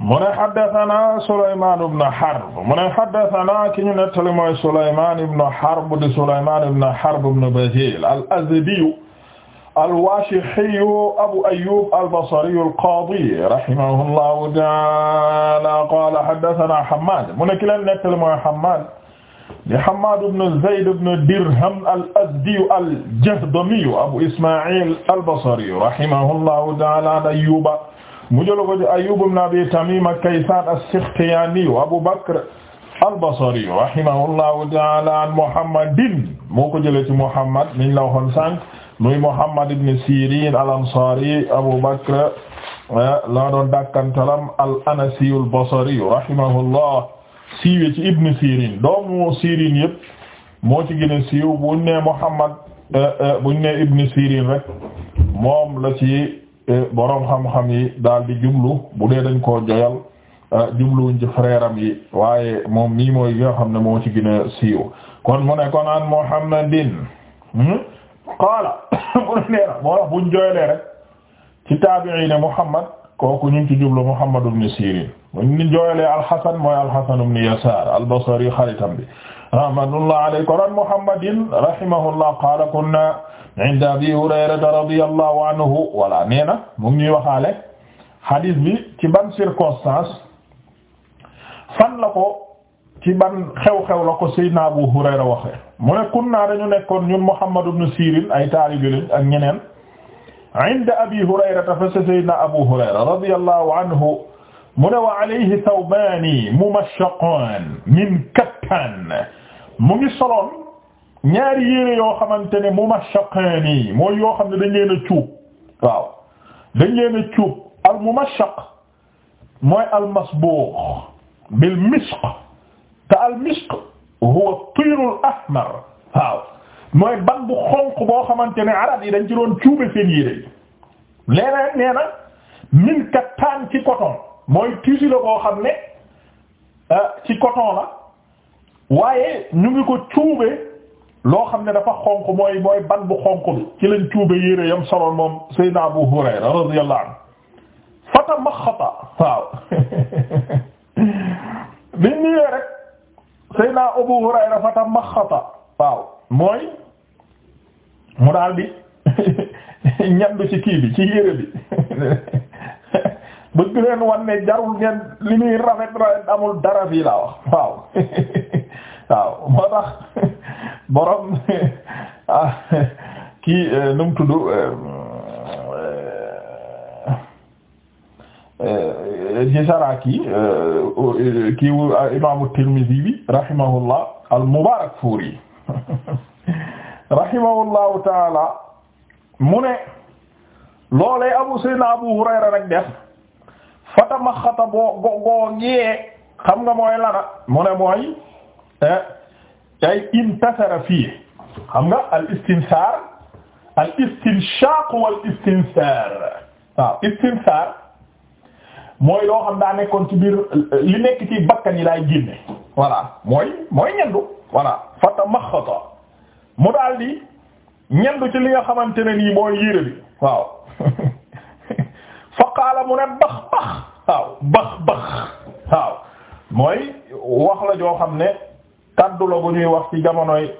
mu ne haddasanaa Souleymane ibn Harb mu ne haddasanaa ki ñu nettali mooy Souleymane ibn Harb di Souleymane ibn Harb ibn Bazil al-Azdiyu al-Waashihiyu Abu Ayyub al-Basriyu al-Qaadi rahimahullahu ta'aala qaala haddasanaa Hammaad mu ne ki leen nettali mooy Hammaad di Hammaad ibn Zayd ibn Dirham al-Azdiyu al-Jahdamiyu Abu Ismaa'iil al-Basriyu rahimahullahu ta'aala Ayyuba mu jëloon ko ci Ayyub ibn Abi Tamim Kaysan as-Sikhtiyani Abu Bakr al-Basri rahimahullahu ta'ala an Muhammadin moo ko jëlee ci Muhammad niñ la waxoon sànq muy Muhammad ibn Sirin al-Ansari Abu Bakr eh, la doon dakkantalam al-Anasi al-Basri rahimahullah siiwee ci Ibn Sirin doomu Sirin yëpp moo ci gën a siiw buñ ne Muhammad eh, eh, buñ ne Ibn Sirin rek moom la ci. boroom xam-xam yi daal di jublu bu dee dañ koo joyal ah, jubluwuñ ci frère yi waaye moom mii mooy yoo xam ne moo ci gën a siiw kon mu ne kon an Muhammadin hmm? qaala mu ne nee na moo rek ci taabi'i ne Muhammad kooku ñu ngi ci jublu Muhammad ibn Sirin mu ngi jooyalee al-Hasan mooy al-Hasan ibn Yasar al-Basri xaritam bi rahmatullah alayhi kon Muhammadin rahimahullah qaala kunna wala nee na mu ngi ñuy waxaale hadith bi ki ban circonstance fan la ko ci ban xew-xew la ko Seydina Abu Hurayra waxee mu ne kunna dañu nekkoon ñun Muhammad ibn Sirin ay taalibe lañ ak ñeneen. inda abi hurayrata fa sayyidina abu hurayra radiyallahu anhu mu ne wa alayhi thawbaani mumashshaqaan min kattan mu ngi soloon ñaari yére yoo xamante ne mumashshaqaani mooy yoo xam ne dañ leen a cuub waaw dañ leen a cuub al mumashshaq mooy al masbuux bil misq te al misq huwa tiirul ahmar waaw mooy ban bu xonq boo xamante ne arab yi dañ ci doon cuube seen yére yi leena nee min kattan ci coton mooy tissu la boo xam ne euh, ci coton la waaye ñu ngi ko cuube loo xam ne dafa xonq mooy ban bu xonq bi ci lañ cuube yére yam soloon moom Seydina Abu Hurayra radiyallahu anhu fata maxata waaw biñ ñëwee rek Seydina Abu Hurayra fata maxata waaw mooy mu daal bi ñandu ci kii bi ci yére bi bëgg leen wan jarul ngeen li muy rafet rafet amul dara fii laa waaw waaw borom ah, kii eh, nu mu tudd ci eh, eh, sarak yi kii ah, imaamu Tirmidhi bi rahimahullah al Mubarak Furi rahimahullahu taala mu ne loolee abu sayyidina abu hurayra rek def fatama xata boo goo gee nga mooy lana mu ne mooy eh, ay intasara fii xam nga al istinsaar al mooy loo xam daa nekkoon ci biir li nekk ci bakkan yi laay génne voilà mooy mooy ñendu voilà fatama xata mu daal di ñendu ci li nga xamante ne nii mooy yére bi waaw fa mu ne bax bax waaw bax bax waaw mooy wax la joo xam ne kaddu la bu ñuy wax ci jamonoy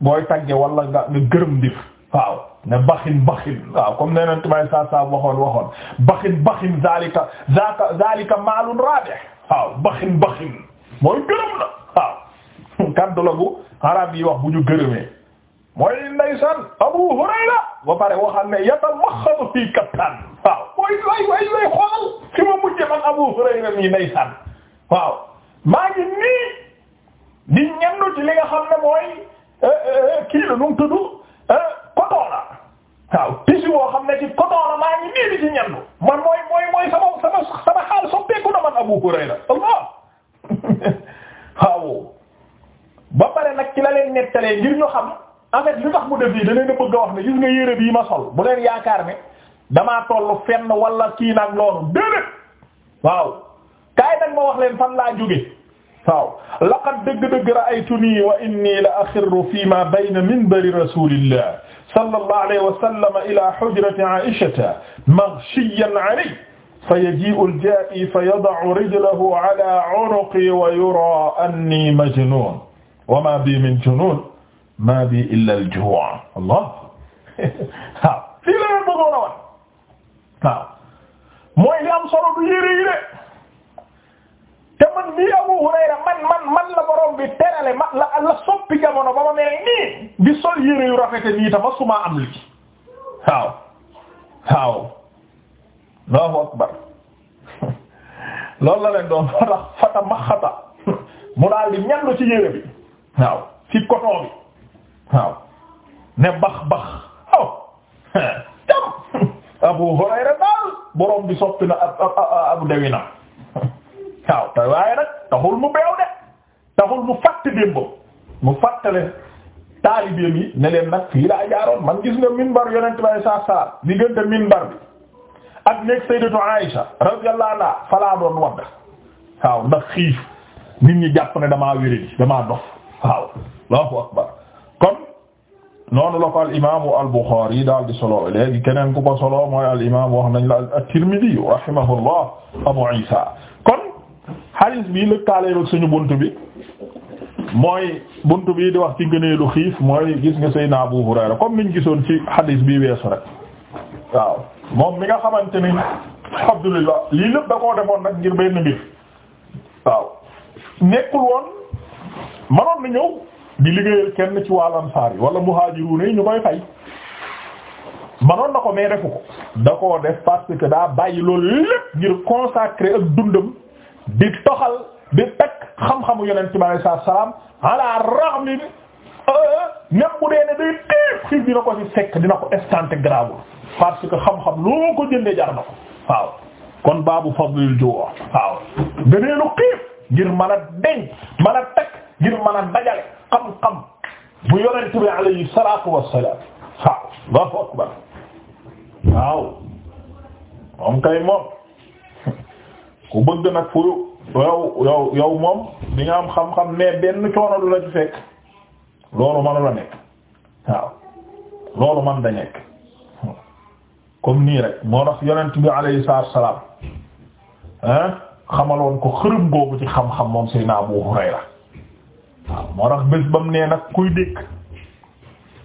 booy tagge wala nga nga gërëm ndir waaw ne baxin baxin waaw comme nee nent may saa saa waxoon waxoon baxin baxin zalika zaka zalika maalun rabe waaw baxin baxin mooy gërëm la waaw kaddu la bu arab yi wax bu ñu gërëmee mooy ndeysaan Abu Hurayra ba pare waxal ne yatal maxadu fii kaptaan waaw mooy way way way xoolal fi ma mujje man Abu Hurayra mii ndeysaan waaw maa ngi nii di ñendu ci li nga xam ne mooy eh, eh, eh, kii la nu mu tudd coton la waaw xam ne maa ngi nii di ci ñendu man mooy mooy mooy sama sama sama xaal soppeeku na man Abu Hurayra Allah waaw ba pare nag ci la leen nettalee ngir ñu xam en fait li tax mu def yi da leen a bëgg a wax ne gis nga yére bii ma sol bu leen yaakaar ne damaa toll fenn wala kii nag loolu déedéet waaw kaay nag ma wax leen fan laa jóge waaw laqad dëgg-dëgg ra'aytuni wa inni la axirru fi ma bayna minbari rasulillah sallallahu alayhi wa sallam ila hujrati aishata maghshiyan alayhi فيجيء الجائي فيضع رجله على عنقي ويرى أني مجنون وما بي من جنون ma bi illa allah waaw fii leen bëggoon a wan mooy li am solo du yére yi de te man nii Abu Hurayra man man man la borom bi terale ma la la soppi jamono ba ma mel nii di sol yére yu rafete nii ta masuma am li waaw waaw Allahu akbar loolu la leen doon fata fata maxata mu daal di ñandu ci yére bi waaw ci coton bi waaw ne bax bax waaw oh. jam Abu Hurayra daal borom bi soppi ab ab dewi waaw te waaye nag taxul mu beew de taxul mu fàtt démb mu fàttale taalibeem yi ne leen nag fii laa jaaroon man gis nga minbar yonent bay saa saa diggante minbar bi ak nekk sayyidatu Aisha radiyallahu anha falaa doon wadd waaw ndax xiif nit ñi jàpp ne damaa wéré damaa dof waaw Allahu akbar kon noonu la ko al imaamu al Buxaari daal di solo léegi keneen ku ko solo mooy al imaam wax nañ la at-Tirmidi rahimahullah Abu Isa kon hadith bi lëkkaale ak suñu bunt bi mooy bunt bii di wax ci ngëneelu xiif mooy gis nga Seydina Abu Hurayra comme niñ gisoon ci hadith bi weesu rek waaw moom mi nga xamante ni alhamdulillah lii lépp da koo defoon nag ngir benn mbir waaw nekkul woon mënoon na ñëw. di liggéeyal kenn ci waa Ansaar yi wala muhaajiruun yi ñu koy fay manoon na ko mais defu ko da koo def parce que daa bàyyi loolu lépp ngir consacrer ak dundam di toxal di takk xam-xamu yonent bi alayhi salaam ala rahmi même dee ne day téef xiif dina ko ci fekk dina ko escanté grave parce que xam-xam loo ko jëndee jar ko waaw kon baabu fadlil ju waaw gëneelu xiif ngir mën a deñ mën a takk ngir mën a dajale xam-xam bu yonent bi alayhi salaatu wassalaam waaw Allahu akbar waaw moom kay moom ku bëgg nag fu yow yow yow nga am xam-xam mais benn coono la ci fekk loolu manu la nekk waaw loolu man da nekk comme nii rek moo tax yonent bi alayhi salaatu wassalaam ah xamaloon ko xërëm googu ci xam-xam moom Seydina Abu Hurayra waaw moo tax bés ba mu nee nag kuy dékk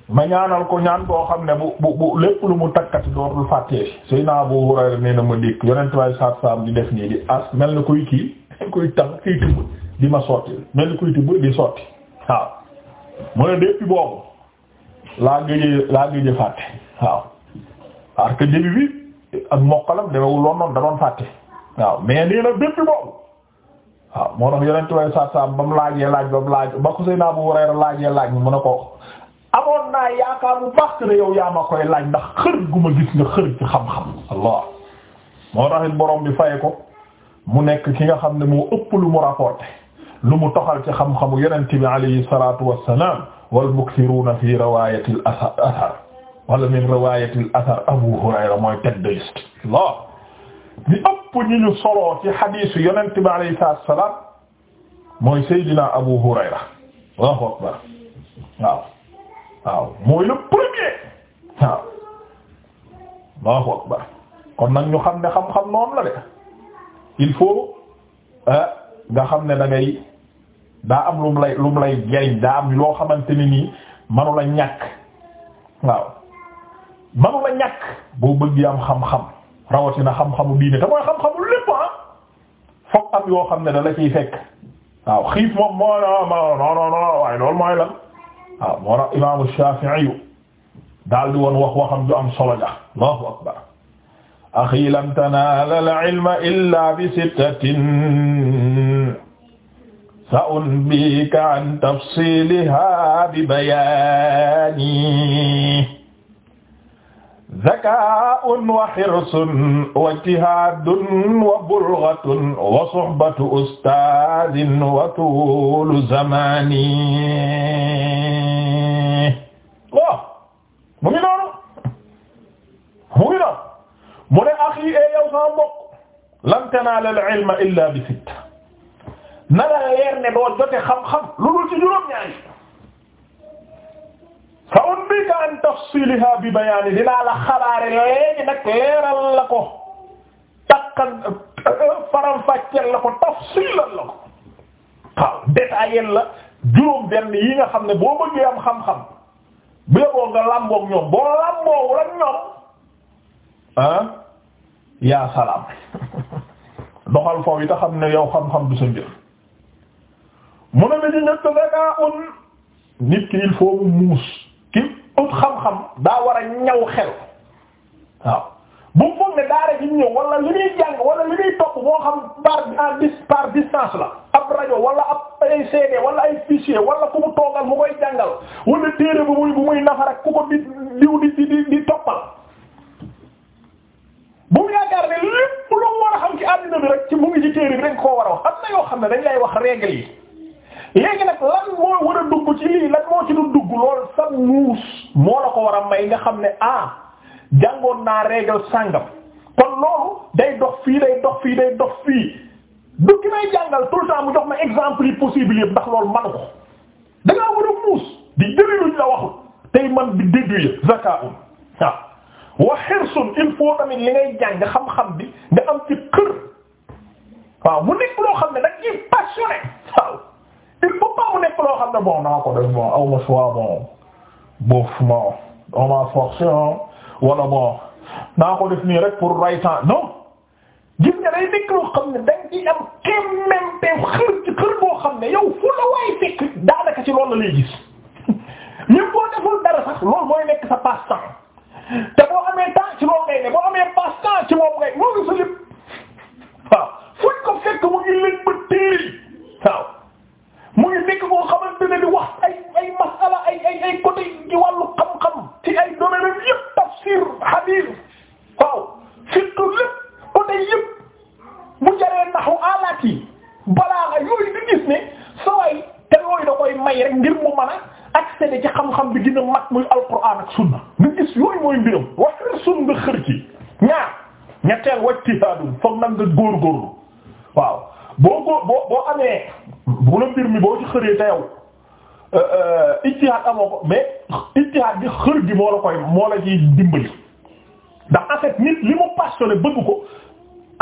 ma ñaanal ko ñaan koo xam ne bu bu bu lépp lu mu takkati dootul fàttee Seydina Abu Hurayra nee na ma dékk yonent waaye saat saam di def nii di as mel na kuy kii kuy tax kuy tibb di ma sotti mel ni kuy tibb di sotti waaw mu ne depuis boobu laa gëjee laa gëjee fàtte waaw parce que début ak mokkalam demewul loon noonu da doon fàtte waaw mais nee na depuis boobu waaw moo tax yeneen tubaab saa saa ba mu laajee laaj ba mu laaj ba ko Seydina Abu Hurayra laajee laaj mu ne ko amoon naa yaakaar bu baax ne yow yaa ma koy laaj ndax xër gu ma gis nga xër ci xam-xam. Allah moo taxit borom bi fay ko mu nekk ki nga xam ne moo ëpp lu mu rapporté lu mu toxal ci xam-xamu yonent bi alayhi salaatu wa salaam wal mukthiruna fi riwaayatil athar wala min riwaayatil athar Abu Hurayra mooy tête de liste. Allah pour ñi ñu soloo ci xadiisu yonent bi alayhi salaatu salaam mooy Seydina Abu Hurayra Allahu akbar waaw waaw mooy le premier waaw Allahu akbar kon nag ñu xam ne xam-xam noonu la de il faut eh, nga xam ne da daa am lu mu lay lu mu lay jariñ daa am loo xamante ne nii manu la ñàkk waaw manu la ñàkk boo bëgg am xam-xam. rawatina xam-xamu diine te mooy xam-xamu lépp ah foog am yoo xam ne da la ciy fekk waaw xiif moom moo non non non waaye loolu mooy lan waaw moo tax imaamu Shaafi'i daal di woon wax waxam ju am solo ja Allahu akbar axi lan tanaala al-ilma illaa bi sittatin sa'unbika an tafsiilihaa bi bayaani zakaa'un wa hirsun wa ijtihaadun wa bulghatun wa suhbatu ustaadin wa tuulu zamaani waaw mu ngi noonu mu ngi noonu mu ne axi e yow sama mbokk lan tanaala al-ilma illaa bi sitta nara leer ne doo jote xam-xam lu dul ci juróom ñaari fa unbika an tafsiliha bi bayaani dinaa la xabaare léegi nag leeral la ko takkan faram-fàcceel la ko tafsilal la ko waaw la juróom benn yi nga xam ne boo bëggee am xam-xam bu yeboo nga làmboog ñoom boo làmboowul ak ñoom ah yaa salaam doxal foofu yi te xam ne yow xam-xam du sa mbir mu ne bi ñu ñëkk zakaa'un ah, nit ki il faut mu muus ki xam-xam daa war a ñaw xel waaw bu mu foog ne daara ji ñëw wala li muy jàng wala li muy topp moo xam par en dis par distance la ab rajo wala ab ay CD wala ay fichier wala ku mu toogal mu koy jàngal wala téere bu muy bu muy nafar ku ko di diw di di di toppal bu mu yaakaar ne lépp lu mu war a xam ci àddina bi rek ci mu ngi ci bi rek koo war a wax am na yoo xam ne dañ lay wax règle yi léegi nag moo war a dugg ci lii lan moo ci du dugg lool sam nuus moo la ko war a may nga xam ne ah jàngoon naa régal sàngam kon loolu day dox fii day dox fii day dox fii du may jàngal tout le jox ma exemple yi possible yëpp ndax loolu manu ko da war a muus di jëlee luñ la waxul tey man bi déduire zakaun waaw wa hirsun il faut tamit li ngay jàng xam-xam bi nga am ci kër waaw mu nekk loo xam ne da ciy passionné il faut pas mu nekk loo xam ne bon naa ko def bon aw ma choix bon boof bon on m'a forcé wala bon naa ko def nii rek pour ray temps non gis nga day loo xam ne da nga ciy am kéememte xër ci xër boo xam ne yow fu la waay fekk daanaka ci loolu la lay gis même boo deful dara sax loolu mooy nekk sa passe-temps te boo amee temps ci moom ngay ne boo amee passe-temps ci moom ngay moo ngi sa lépp waaw fuñ ko mu ngi leen ba téeri mu ngi nekk koo xamante ne di wax ay ay masala ay ay ay côté yi xëree te yow euh, euh, ijtihaad ko mais ijtihaad bi xër gi moo koy moo la dimbali ndax en fait nit li mu passionné bëgg ko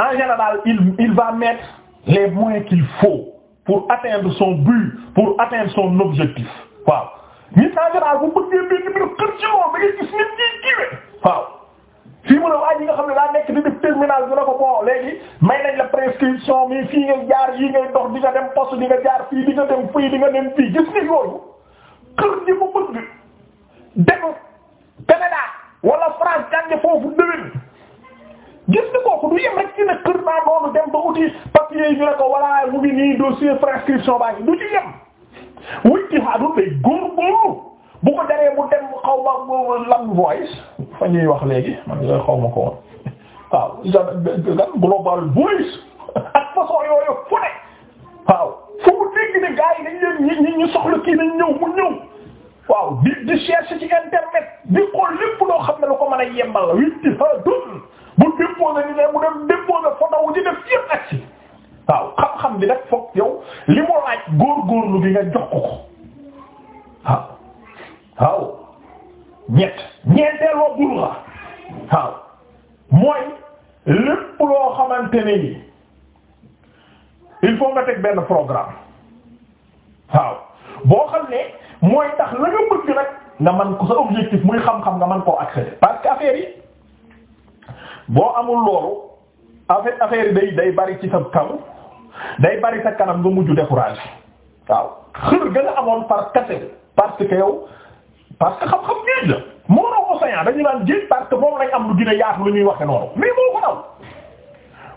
en général il va mettre les moyens qu'il faut pour atteindre son but pour atteindre son objectif waaw nit en général bu bëggee benn mbir xër ci moom da ngay gis nit ñi kiiwe waaw fii mu ne waa ji nga xam ne daa nekk di def terminal bi na ko bon léegi may nañ la prescription mi fii nga jaar yi ngay dox di nga dem poste di nga jaar fii di nga dem fii di nga dem fii gis nga yooyu kër gi mu bëgg demu Canada wala France jànge foofu nga kooku du yem rek dem ba uti papier ko wala mu ngi nii dossier prescription baa ngi du ci yem wuñ ci xaarul day góor góor bu ko daree mu dem xaw ma lam voice fa ñuy wax léegi man yooyu xaw ma ko woon waaw gan global voice ak façon yooyu fu ne waaw fu mu dégg ne gars yi dañ leen ñi ñu soxla kii nañ ñëw mu ñëw waaw di di cherche ci internet di xool lépp loo xam ne lu ko mën a yembal la witti ha dun bu déposé ni ne mu dem déposé photo wu di def yëpp ak si xam-xam bi nag foog yow li mu laaj góorgóorlu gi nga jox ko ko waaw ñeenteel wa bulra waaw mooy lépp loo xamante ne ni il faut nga teg benn programme waaw boo xam ne mooy tax la nga bëgg nag nga man ko sa objectif muy xam-xam nga man koo accéder parce que affaire yi boo amul loolu affaire affaire day day bari ci sa kaw day bari sa kanam nga mujj découragé waaw xër gën a amoon par kase parce yow parce que xam-xam géej la moo raw océan dañu naan géej parce que moom lañ am lu gën a yaatu lu ñuy waxe noonu mais moo ko raw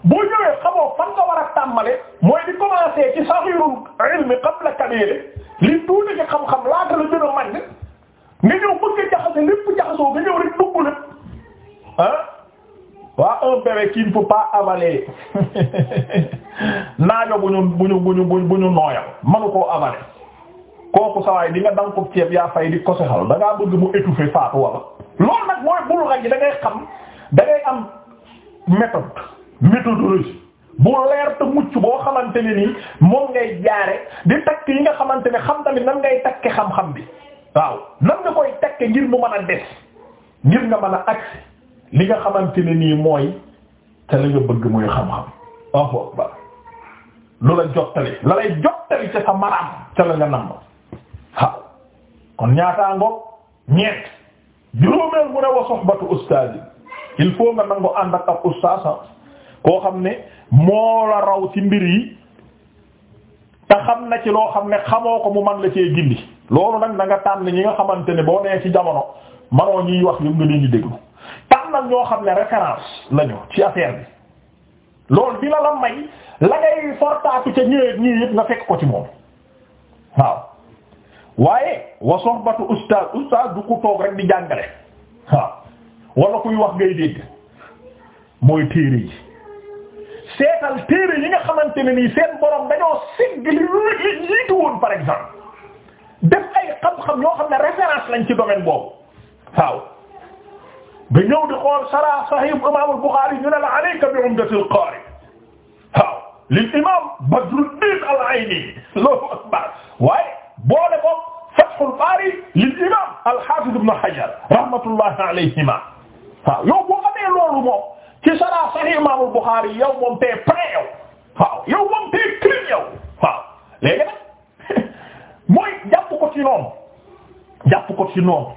boo ñëwee xamoo fan nga war a tàmbale mooy di commencer ci saxirul ilmi qabla kabir li tuuti ci xam-xam laata la gën a mag nga ñëw bëgg ñëw bu ñu bu ñu bu ñu bu ñu koo avaler kooku sawaay di nga danko ceeb yaa fay di kosexal da ngaa bëgg mu étouffer faatu wala loolu nag mooy bul raj da ngay xam da am méthode méthodologie bu leer te mucc boo xamante ne nii moom ngay jaare di takk yi nga xamante ne xam tamit nan ngay takke xam-xam bi waaw nan nga koy takke ngir mu mën a des ngir nga mën a agsi li nga xamante ne nii mooy te la nga bëgg mooy xam-xam Allahu akbar lu la jottali la lay jottali ca sa maram ca la nga nam waaw kon ñaataa ngoog ñeent juróomeel mu ne wa soxbatu ustaas yi il faut nga nangu ànd ak ak ustaasa koo xam ne moo la raw ci mbir yi te xam na ci loo xam ne xamoo ko mu man la cee gindi loolu nag na nga tànn ñi nga xamante ne boo nee ci jamono manoo ñuy wax yëpp nga leen di déglu tànnal ñoo xam ne référence lañu ci affaire bi loolu dina la may la ngay fortaatu ca ñëwee ñii nga fekk ko ci moom waaw waaye wa soxbatu ustaaz ustaaz du ko toog rek di jàngale waaw wala kuy wax ngay dégg mooy téere yi seetal téere yi nga xamante ne nii seen borom dañoo sigg li li jiitu par exemple def ay xam-xam yoo xam ne référence lañ ci domaine boobu waaw ba ñëw di xool sara sahih imam al-Bukhari ñu la alayka bi umdatil qari waaw lil imam Badruddin al-Ayni loolu akbar waaye boole boog Fathul Baari lil imaam al-Haafiz Ibn Hajar rahmatullahi alayhima yow boo xamee loolu moom ci Sahih Sahih Imaamul Buxaari yow moom tey yow waaw yow moom mooy jàpp ko ci noonu jàpp ko ci noonu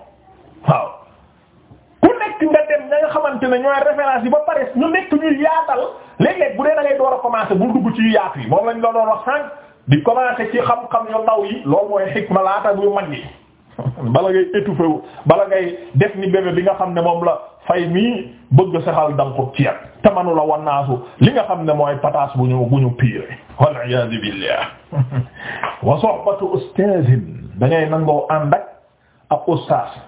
ku nekk nga dem nga xamante ne ñooy a yi ba pare ñu nekk ñuy yaatal léeg-léeg bu door a commencer bu dugg ci yaatu yi moom lañ la di commencer ci xam-xam yu ndaw yi loolu mooy xikma laata bu mag yi bala ngay étouffé wu bala ngay def ni bébé bi nga xam ne moom la fay mii bëgg saxal danko ci yàq te manu la wannaasu li nga xam ne mooy pataas bu ñu bu ñu piire wal iyaazu billah wa sohbatu ustazin da ngay nangoo ànd ak ab ustaas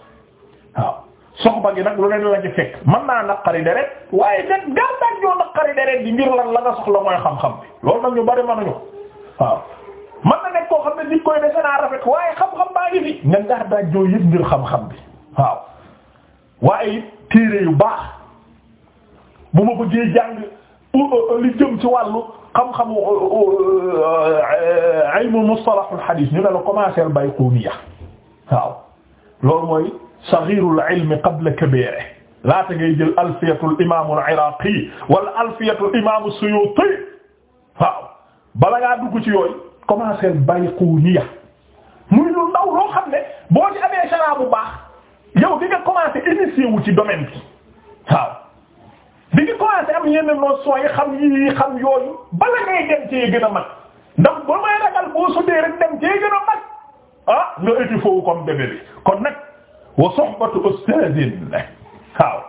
waaw soxba gi nag lu leen la fekk mën naa naqari deret waaye da gaaw naqari deret di ngir lan la nga soxla mooy xam-xam bi loolu nag ñu bari mënuñu waaw man na nekk koo xam ne nit koy defe naa rafet waaye xam-xam baa ngi fi nga ngaa daaj joo yëpp ngir xam-xam bi waaw waaye téere yu baax bu ma bëggee jàng li jëm ci wàllu xam-xamu uh, ilmu mustalahul hadith ñu ne la commencé al-Bayquniya waaw loolu mooy saghirul ilmi qabla kabirih laata ngay jël alfiyatul imaamul Iraaqi wala alfiyatul imaamul Suyuuti waaw bala ngaa dugg ci yooyu commencé bayquniya muy lu ndaw loo xam ne boo ci amee sharaa bu baax yow di nga commencé initié wu ci domaine bi waaw di nga commencé am yenn notion yi xam yi xam yooyu bala ngay dem ci gën a mag ndax ba may ragal boo sutee rek dem ci gën a mag ah nga éti foofu comme bébé bi kon nag wa sohbatu ustadin waaw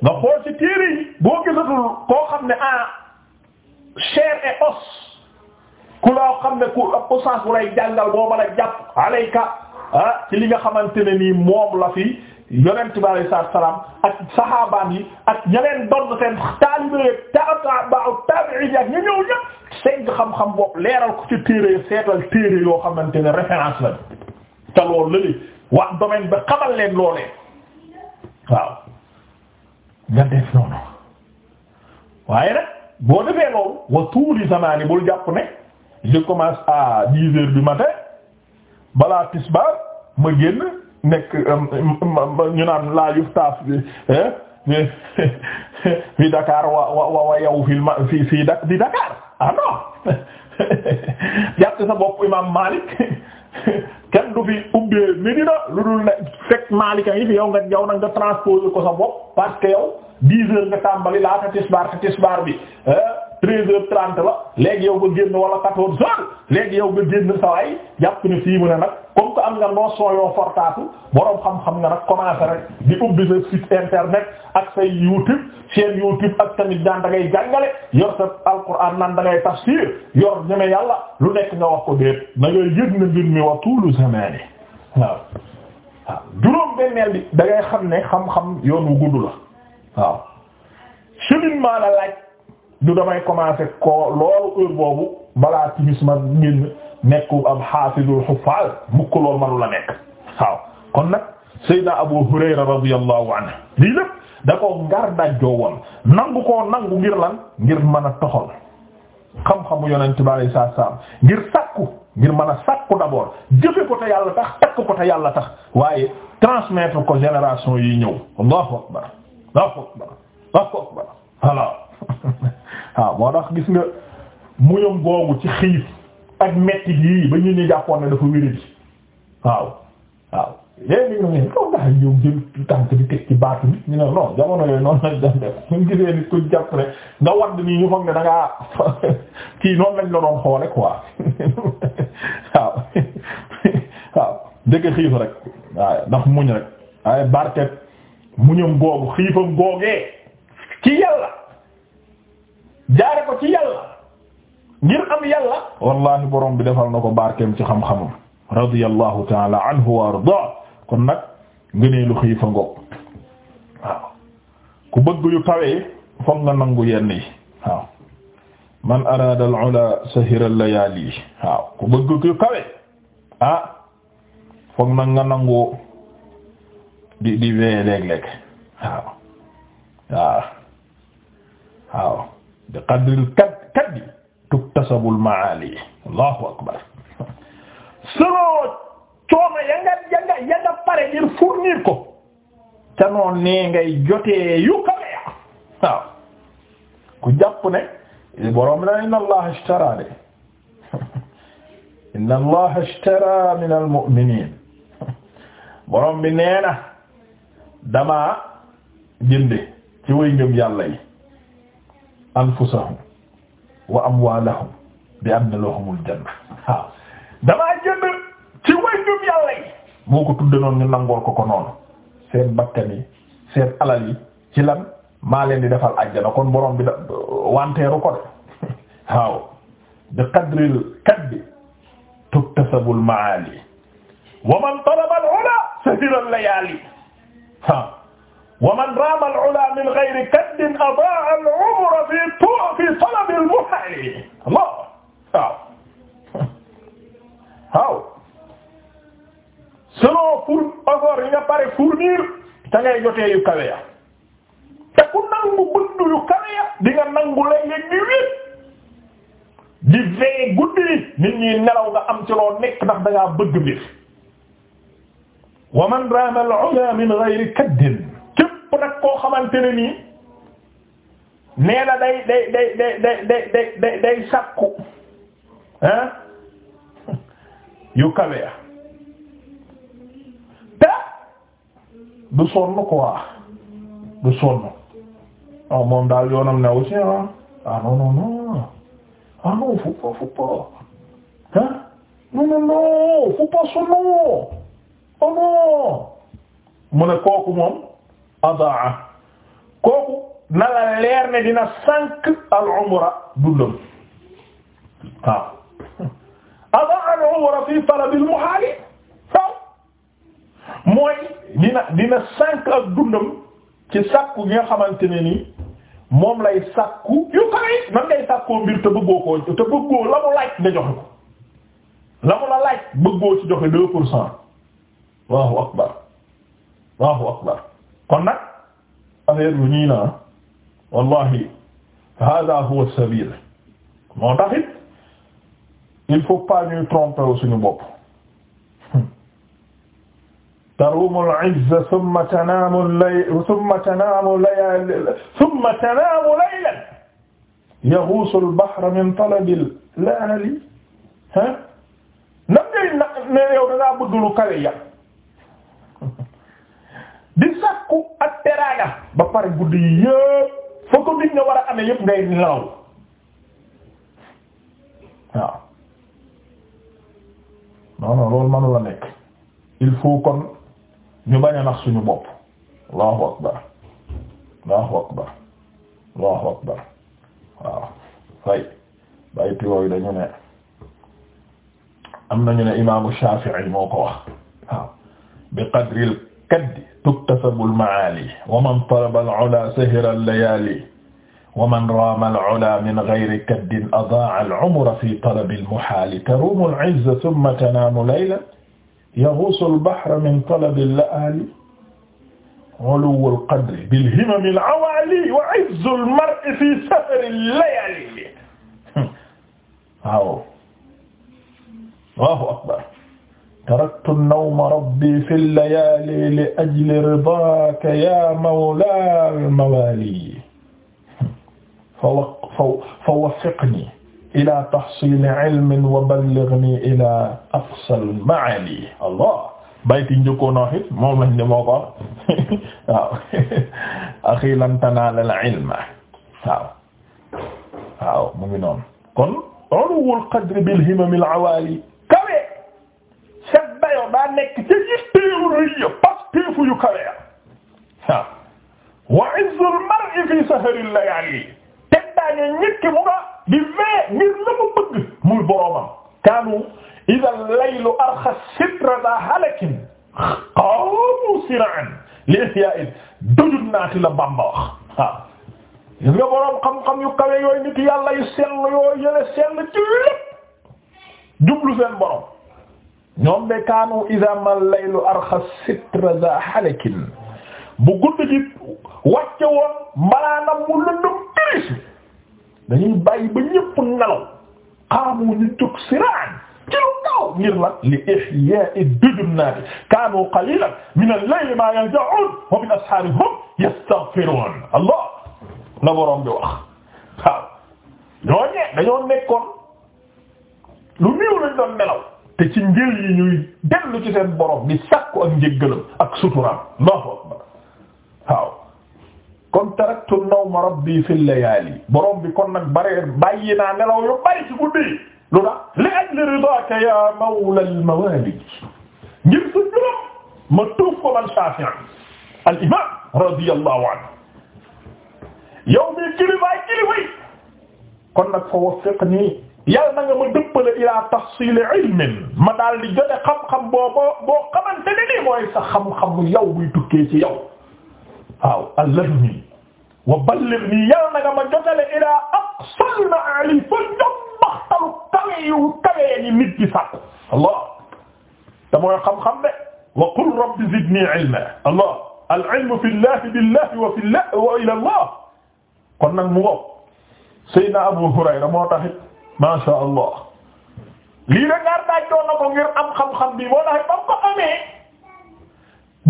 nga xool ci téere boo gisatul koo xam ne ah chair et os ku loo xam ne ku ab ustaas bu lay jàngal a jàpp ci li nga xamante ne nii moom la fi yonent bi alayhi wa salaam ak saxaabaan yi ak ña leen doon seen taalibe taaba'u xam-xam bopp leeral ko ci téere seetal téere yoo xamante ne référence la te loolu la li waa domaine ba xamal leen loolee waaw nga def noonu waaye nag boo defee loolu wa tuuli zamaani bul jàpp je commence à dix heures du matin balaa tisbaar ma génn nekk euh, ñu naan laa yuftaaf fi Dakar wa wa wa yow fi ma bi Dakar ah non sa bopp Imaam Malik kenn du fi ubbee Medina lu dul ne fekk Malik a ngi fi yow nga yow nag nga transposer ko sa bopp parce que yow dix heures nga tàmbali laata bi ah. treize heures la léegi yow nga génn wala quatorze heures léegi yow nga génn sa waay jàpp ne fii mu ne nag comme que am nga notion yoo fortaatu boroom xam-xam nga nag commencé rek di ubbi sa site internet ak say YouTube chaîne YouTube ak tamit daan da ngay jàngale yor sa alquran naan da ngay tafsir yor ñeme yàlla lu nekk nga wax ko déet na ngay yëg na mbir mi wa tulu zamani waaw waaw juróom benneel bi da ngay xam ne xam-xam yoon wu gudd la waaw cheminement la du damay commencer ko loolu heure boobu balaa timis ma génn nekku am xaafisul xufaal mukk loolu manu la nekk waaw kon nag Seydina Abu Hurayra radiyallahu anhu lii la da ko ngar dajjoo woon nangu koo nangu ngir lan ngir mën a toxal xam-xamu yonent bi alayhi salaatu salaam ngir sakku ngir mën a sakku d'abord jëfe ko te yàlla tax takk ko te yàlla tax waaye transmettre ko génération yi ñëw allahu akbar allahu akbar allahu akbar voilà waaw moo tax gis nga muyam googu ci xiif ak metti yii ba ñu ñu jàppoon ne dafa wéradi waaw waaw léegi ñu ne ko ndax ñoom jël ci baatu nit ñu ne noonu nga wadd nii ñu foog ne da kii noonu lañ la doon xoole quoi waaw waaw dëgg xiif rek waaw ndax muñ rek waaye barket muñam googu xiifam googee ci yàlla jaare ko ci yàlla ngir am yàlla wallahi borom bi defal na ko barkeem ci xam-xamam radiyallahu taala anhu wa arda kon nag ngëneelu xiifa ngoog waaw ku bëgg yu tawee foog nga nangu yenn yi waaw man araada al ula sahira al waaw ku bëgg yu tawee ah foog nga nangu di di wee léeg-léeg waaw waaw bi qadril kaddi tuktasabul maali allahu akbar solo coono ya nga ya nga ya nga pare ngir fournir ko ca noon nee ngay jotee yu kawe ya ku jàpp ne borom la inna allaha ishtara de inna allaha ishtara min al mu'minin bi nee na damaa jënde ci way ngëm yàlla anfusahum wa amwaalahum bi anna lahumul janna waaw damaa jënd ci wàññum yàlla yi moo ko tudde noonu ñu nangool ko ko noonu seen bakkan yi seen alal yi ci lan maa leen di defal ajjana kon borom bi da wanteeru ko de waaw bi qadril kaddi tuktasabul maali wa man talaba al ula sahira al layali waaw wa man raama al-ulaa min ghayri kaddin adaa'a al-umra fi fi talabi al-muhali Allah waaw waaw selon pour effort yi nga pare fournir da ngay jotee yu kawe ya te ku nangu bëgg yu kawe ya di nga nangu léeg-léeg di wéet di veillé guddi nit ñi nelaw nga am ci loo nekk ndax da ngaa bëgg mbir wa man raama al-ulaa min ghayri kaddin képp nag koo xamante ne ni nee na day day day day day day day day sakku ah yu kawe te du sonn quoi du sonn waaw moom daal yoonam ne aussi ah ah non non non ah non faut pas faut pas ah non non non faut pas sonn oh non mu ne kooku moom. adaa kooku na la leer ne dina sànq al umra dundam waaw adaa al umra fi talab al muhaal waaw mooy dina dina sànq ak dundam ci sàkku nga xamante ne ni moom lay sàkku yu koy nan ngay sàkkoo mbir te bëggoo koo te bëggoo la mu laaj nga joxe ko la mu la laaj bëggoo ci joxe deux pour cent Allahu akbar Allahu akbar kon nag affaire bu ñii naa wallahi hada huwa sabil moo tax it il faut pas ñuy tromper suñu bopp tarumu al-izza thumma tanamu lay thumma tanamu layali thumma tanamu laylan yaghusu al-bahra min talabi al-laali ha nam ngay na ne yow da ngaa bëgg lu kawe ya di sakku ak teraanga ba pare guddi yi foo ko nit nga war a amee yëpp ngay nelaw waaw non non loolu nekk il faut kon ñu bañ a nax suñu bopp allahu akbar allahu akbar allahu akbar waaw fay bayti dañu ne am nañu ne imaamu Shafi'i moo ko wax waaw bi qadril kaddi tuktasabul maali wa man talaba al-ula sahira al-layali wa man raama al-ula min ghayri kaddin adaa al-umra fi talabi al-muhaali taruumu al-izza thumma tanaamu laylan yaghuusu al-bahra min talabi al-la'aali uluwwu al-qadri bil-himami al-awaali wa izzu al-mar'i fi sahri al-layaali waaw Allahu akbar taraktu nawma rabbi fi layali li ajli ridaaka ya mawla mawaali fa waffiqni ila tahsili ilmin wa ballighni ila aqsal maali allah bayti njëkkoon a wax it moom lañ ne moo ko waaw axi lan tanaala al ilma waaw waaw mu ngi noonu kon uluwul qadri bil himam al awaali daa nekk ca yitteelu rëy ya pastéefu yu kawe ya waaw wa izzul mar'i fi sahril layali tegtaange nit ki mu nga di vee ngir la mu bëgg muy boromam kaanu idha laylu arkha sitra da halakin qaamu sira'an li ihya'i dujun naati la Bamba wax waaw gis nga boroom xam-xam yu kawe yooyu nit yàlla yu sell yooyu yële sell ci lépp jublu seen borom ñoom de kaanu idaa ma laylu arxa za halakin bu gudd ji wàcce woon malaanam mu lëndëm tëris dañuy bàyyi ba ñëpp nelaw xaamu ñu jóg ci lu kaw ngir la li ihyaa'i dujunaati kaanu qaliilan min al-layli maa yahja'uun wa min ashaarihim yastaghfiruun allah la boroom bi wax waaw ñooñee dañoo nekkoon nelaw te ci njël yi ñuy dellu ci seen borom bi sakku ak njëggalam ak suturaam Allahu akbar waaw kon taraktu nawma rabbi fil layali borom bi kon nag bare bàyyi naa nelaw yu bari ci guddi lu tax li ajli ridaaka ya mawla al mawali ngir sa juróom ma tuuf ko man Shafi'i al imam radiyallahu anhu yow mi kilifa kilifa kon nag fa waffiqni yàlla na nga ma dëppale ilaa tahsili ilmin ma daal di jote xam-xam boo boo boo xamante ne nii mooy sa xam-xam yow buy tukkee ci yow waaw allamni wa ballighni yàlla na nga ma jotale ilaa aqsal ma'ali fa ñoom maxtalu kawe yu kawe ni nit ki sàkk allah te mooy xam-xam de wa qul rabbi zidni ilma allah al ilmu fi llah billah wa fi llah wa ila allah kon nag mu ngo Seydina Abu Hurayra moo taxit masha allah lii da ngaar daaj doon na ko ngir am xam-xam bi moo tax bam ko amee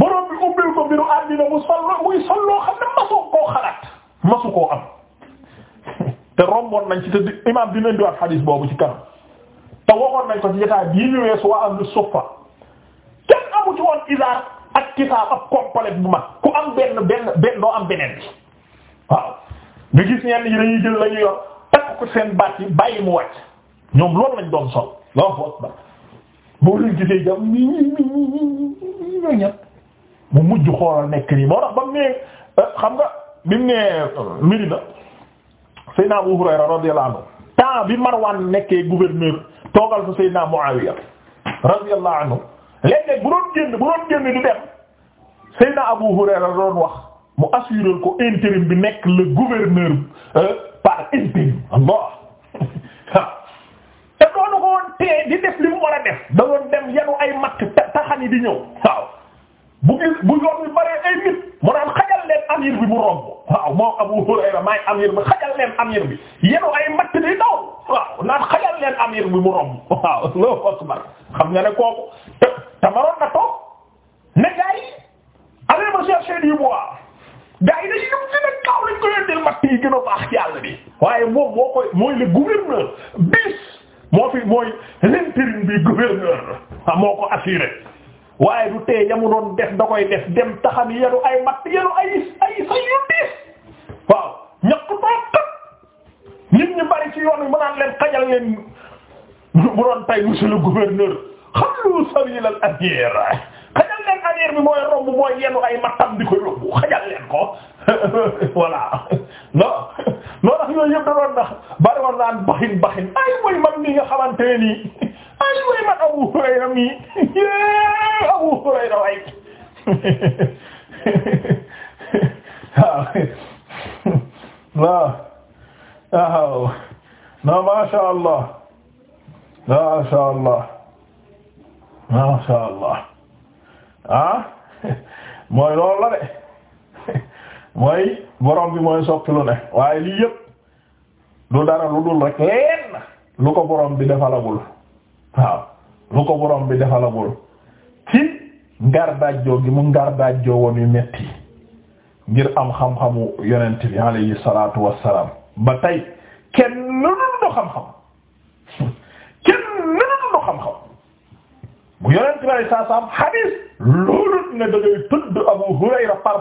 borom bi ubbil ko mbiru àddina mu sollo muy solloo xam ne masu koo xalaat masu koo am te romboon nañ ci te imam dinañ diwaat xadiis boobu ci kanam te waxoon nañ ko ci jotaay bii ñu weesu waa ahlu suffa kenn amu woon isaar ak kisaab ak complet bu mag ku am benn benn doo am beneen bi waaw nga gis ñenn ñi dañuy jël lañu yor takk seen baat yi bàyyi mu wàcc ñoom loolu lañ doon sol lool foofu ba boo leen gisee jàmm nii nii nii ñooy ñëpp mu mujj xoolal nekk nii moo tax ba mu nee eh, xam nga bi mu nee euh, Medina Seydina Abu Hurayra radiyallahu anhu temps bi Marwan nekkee gouverneur toogal fa Seydina Muawiya radiyallahu anhu léeg-léeg bu doon génn bu doon génn du dem Seydina Abu Hurayra doon wax mu assuré ko intérim bi nekk le gouverneur. Euh, par isbin allah mu war a def da doon dem yanu ay matt taxani di ñëw bu gis bu yoon bi baree ay mu naan xajal leen amir bi mu romb waaw moom Abu Hurayra amir bi xajal leen amir bi yenu ay matt di daw waaw naan xajal leen amir bi mu romb waaw Allahu akbar xam nga ne kooku tamaroon na toog ne gars yi allez me chercher du gars yi dañuy ñëw kaw lañ ko yëndeel matt yi gën a baax ci àll bi waaye moom moo koy mooy le gouverneur bis moo fi mooy l'intérim bi gouverneur ah moo ko assuré waaye du tee yamu doon def da koy def dem taxam yenu ay matt yenu ay ay say yu diis waaw ñaq boo kat nit ñu bari ci yoon wi mënaan leen xajal leen bu doon tay monsieur le gouverneur xam lu sabila al amir xajal leen affaire bi mooy romb mooy yenu ay mattam di ko yóbbu xajal leen ko voilà non non ndax yooyu yëpp da doon ndax bari woon naan baxin baxin ay mooy man mi nga xamante ne nii ay mooy man Abu Hurayra mi Abu Hurayra way waaw waaw non masha Allah masha Allah masha Allah ah mooy loolu la de mooy borom bi mooy soppi lu ne waaye lii yëpp lu dara lu dul rek leen lu ko borom bi defalagul waaw lu ko borom bi defalagul ci ngar daajjoo gi mu ngar daajjoo woon yu metti ngir am xam-xamu yonent bi alayhi salaatu wassalaam ba tey kenn lu dul xam-xam bu yonent bi saa saam xadiis loolu ne da tudd Abu Hurayra par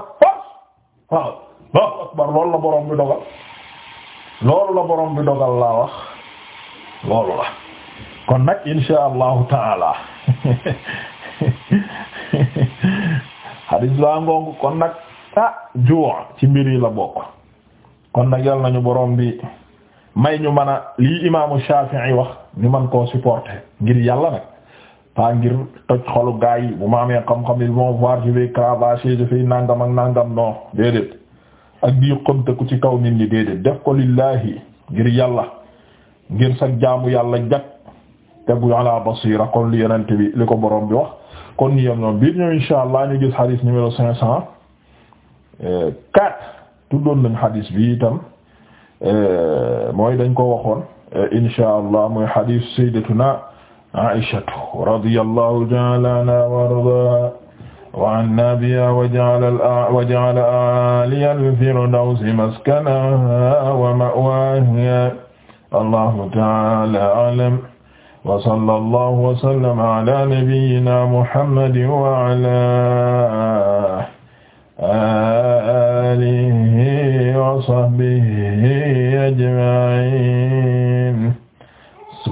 force loolu la borom bi dogal loolu la borom bi dogal laa wax loolu la kon nag insha allahu taala xadiis laa ngongu kon nag ah juu ci mbir yi la bokk kon nag yal nañu borom bi may ñu mën a lii imaamu Shafi'i wax ñu mën koo supporter ngir yàlla nag. pas ngir toj xolu gaa yi bu ma amee xam-xam ils vont voir je vais cravacher je fais nangam ak nangam noo déedéet ak bii xonte ku ci kaw nit ñi déedéet def ko lillahi ngir yàlla ngir sa jaamu yàlla jag tegu ala basira kon li yonent bi li ko borom bi wax kon ñu yem noonu biir ñëw insha allah ñu gis hadith numéro cinq cent quatre tuddoon nañ hadith bi itam euh, mooy dañ ko waxoon euh, insha allah mooy hadith sayyidatuna aishatu radiyallahu taala anha wa ardaha wa anna biha wa ja'ala aaliya al-firdawsi maskanaha wa ma'waaha allahu taala a'lam wa sallallahu wa sallama ala nabiyyina muhammadin wa ala aalihi wa sahbihi ajma'in